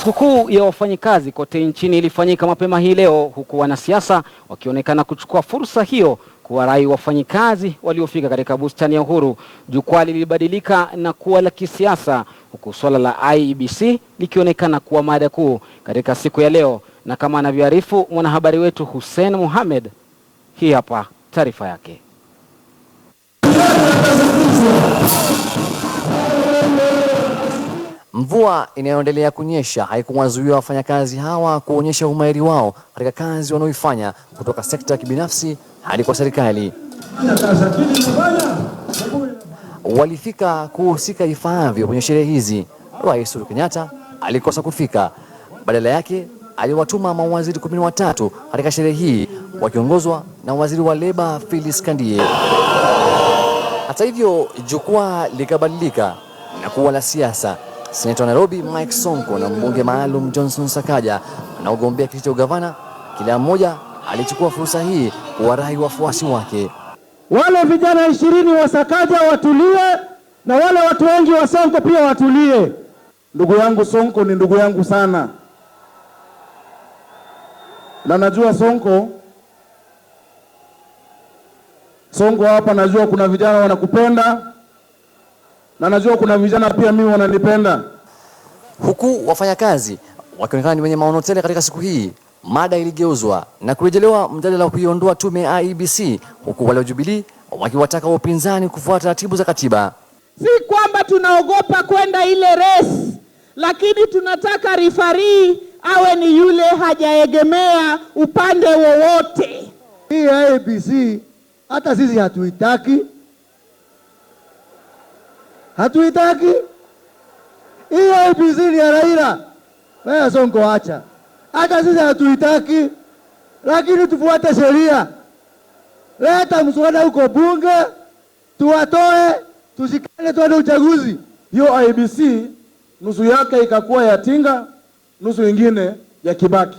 Sikukuu ya wafanyikazi kote nchini ilifanyika mapema hii leo huku wanasiasa wakionekana kuchukua fursa hiyo kuwarai wafanyikazi waliofika katika bustani ya Uhuru. Jukwaa lilibadilika na kuwa la kisiasa huku swala la IEBC likionekana kuwa mada kuu katika siku ya leo, na kama anavyoarifu mwanahabari wetu Hussein Mohamed, hii hapa taarifa yake. Mvua inayoendelea kunyesha haikuwazuia wafanyakazi hawa kuonyesha umahiri wao katika kazi wanaoifanya kutoka sekta ya kibinafsi hadi kwa serikali. Walifika kuhusika ifaavyo kwenye sherehe hizi. Rais Uhuru Kenyatta alikosa kufika, badala yake aliwatuma mawaziri kumi na watatu katika sherehe hii wakiongozwa na waziri wa leba Phyllis Kandie. Hata hivyo, jukwaa likabadilika na kuwa la siasa. Seneta wa Nairobi Mike Sonko na mbunge maalum Johnson Sakaja anaogombea kiti cha ugavana, kila mmoja alichukua fursa hii kuwarai wafuasi wake. Wale vijana ishirini wa Sakaja watulie na wale watu wengi wa Sonko pia watulie. Ndugu yangu Sonko ni ndugu yangu sana, na najua Sonko Sonko hapa, najua kuna vijana wanakupenda na najua kuna vijana pia mimi wananipenda. Huku wafanyakazi wakionekana ni wenye maono tele katika siku hii, mada iligeuzwa na kurejelewa mjadala wa kuiondoa tume ya IEBC, huku wale wa Jubilee wakiwataka wapinzani kufuata taratibu za katiba. Si kwamba tunaogopa kwenda ile resi, lakini tunataka rifari awe ni yule hajaegemea upande wowote. Hii IEBC hata sisi hatuitaki hatuitaki hii IEBC ni ya Raila. Wewe Sonko, acha, hata sisi hatuitaki, lakini tufuate sheria. Leta mswada huko bunge, tuwatoe, tushikane, tuende uchaguzi. Hiyo IEBC nusu yake ikakuwa ya Tinga, nusu ingine ya Kibaki.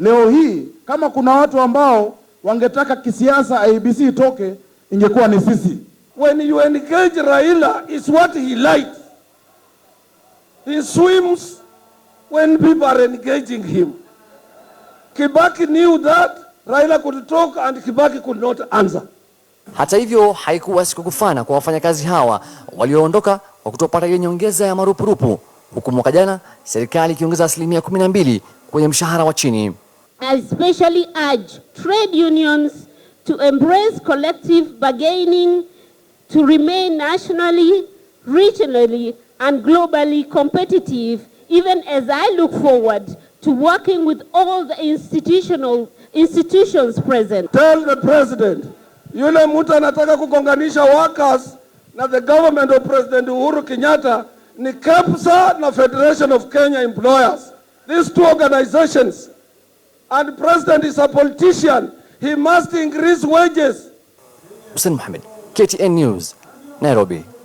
Leo hii kama kuna watu ambao wangetaka kisiasa IEBC itoke, ingekuwa ni sisi when you engage Raila it's what he likes. He swims when people are engaging him. Kibaki knew that Raila could talk and Kibaki could not answer. Hata hivyo haikuwa siku kufana kwa wafanyakazi hawa walioondoka kwa kutopata hiyo nyongeza ya marupurupu, huku mwaka jana serikali ikiongeza asilimia 12 kwenye mshahara wa chini. I especially urge trade unions to embrace collective bargaining to remain nationally, regionally, and globally competitive, even as I look forward to working with all the institutional institutions present. Tell the president, yule mtu anataka kugonganisha workers na the government of President Uhuru Kenyatta ni KEPSA na Federation of Kenya Employers. These two organizations and president is a politician. He must increase wages. Hussein Mohamed KTN News, Nairobi.